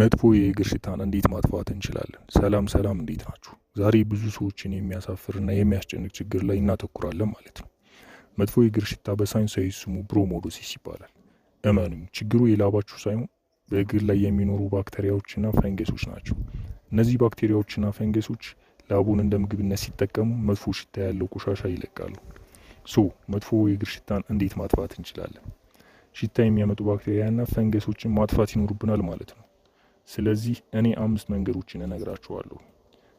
መጥፎ የእግር ሽታን እንዴት ማጥፋት እንችላለን? ሰላም ሰላም፣ እንዴት ናችሁ? ዛሬ ብዙ ሰዎችን የሚያሳፍርና የሚያስጨንቅ ችግር ላይ እናተኩራለን ማለት ነው። መጥፎ የእግር ሽታ በሳይንሳዊ ስሙ ብሮሞዶሲስ ይባላል። እመኑኝ ችግሩ የላባችሁ ሳይሆን በእግር ላይ የሚኖሩ ባክቴሪያዎችና ፈንገሶች ናቸው። እነዚህ ባክቴሪያዎችና ፈንገሶች ላቡን እንደ ምግብነት ሲጠቀሙ መጥፎ ሽታ ያለው ቆሻሻ ይለቃሉ። ሶ መጥፎ የእግር ሽታን እንዴት ማጥፋት እንችላለን? ሽታ የሚያመጡ ባክቴሪያና ፈንገሶችን ማጥፋት ይኖርብናል ማለት ነው። ስለዚህ እኔ አምስት መንገዶችን እነግራችኋለሁ።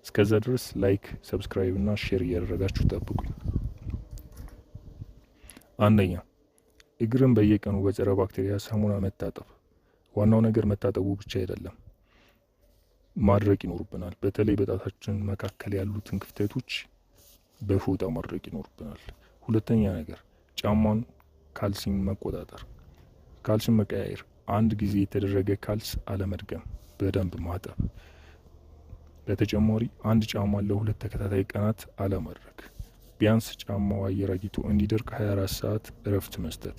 እስከዛ ድረስ ላይክ፣ ሰብስክራይብ እና ሼር እያደረጋችሁ ጠብቁኝ። አንደኛ እግርን በየቀኑ በጸረ ባክቴሪያ ሳሙና መታጠብ። ዋናው ነገር መታጠቡ ብቻ አይደለም፣ ማድረቅ ይኖርብናል። በተለይ በጣታችን መካከል ያሉትን ክፍተቶች በፎጣ ማድረቅ ይኖርብናል። ሁለተኛ ነገር ጫማን ካልሲም መቆጣጠር፣ ካልሲም መቀያየር አንድ ጊዜ የተደረገ ካልስ አለመድገም፣ በደንብ ማጠብ። በተጨማሪ አንድ ጫማ ለሁለት ተከታታይ ቀናት አለማድረግ፣ ቢያንስ ጫማው አየር አግኝቶ እንዲደርቅ 24 ሰዓት እረፍት መስጠት፣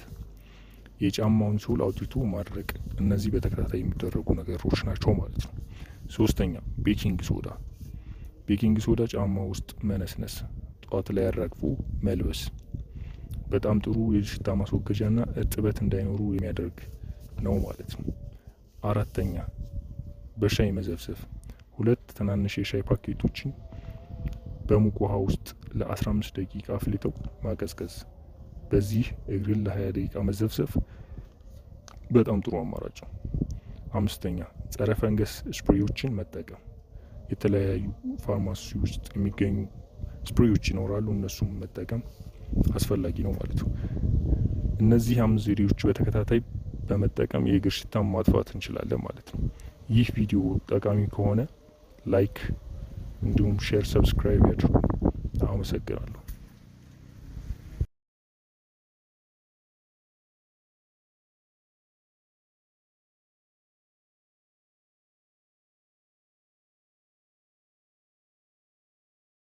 የጫማውን ሶል አውጥቶ ማድረቅ። እነዚህ በተከታታይ የሚደረጉ ነገሮች ናቸው ማለት ነው። ሶስተኛ ቤኪንግ ሶዳ። ቤኪንግ ሶዳ ጫማ ውስጥ መነስነስ፣ ጠዋት ላይ አራግፎ መልበስ በጣም ጥሩ የሽታ ማስወገጃና እርጥበት እንዳይኖሩ የሚያደርግ ነው ማለት ነው። አራተኛ በሻይ መዘፍዘፍ ሁለት ትናንሽ የሻይ ፓኬቶችን በሙቅ ውሃ ውስጥ ለ15 ደቂቃ አፍልተው ማቀዝቀዝ። በዚህ እግርን ለ20 ደቂቃ መዘፍዘፍ በጣም ጥሩ አማራጭ ነው። አምስተኛ ጸረ ፈንገስ ስፕሬዎችን መጠቀም። የተለያዩ ፋርማሲ ውስጥ የሚገኙ ስፕሬዎች ይኖራሉ። እነሱም መጠቀም አስፈላጊ ነው ማለት ነው። እነዚህ አምስት ዘዴዎች በተከታታይ በመጠቀም የእግር ሽታን ማጥፋት እንችላለን ማለት ነው። ይህ ቪዲዮ ጠቃሚ ከሆነ ላይክ፣ እንዲሁም ሼር፣ ሰብስክራይብ ያድርጉ። አመሰግናለሁ።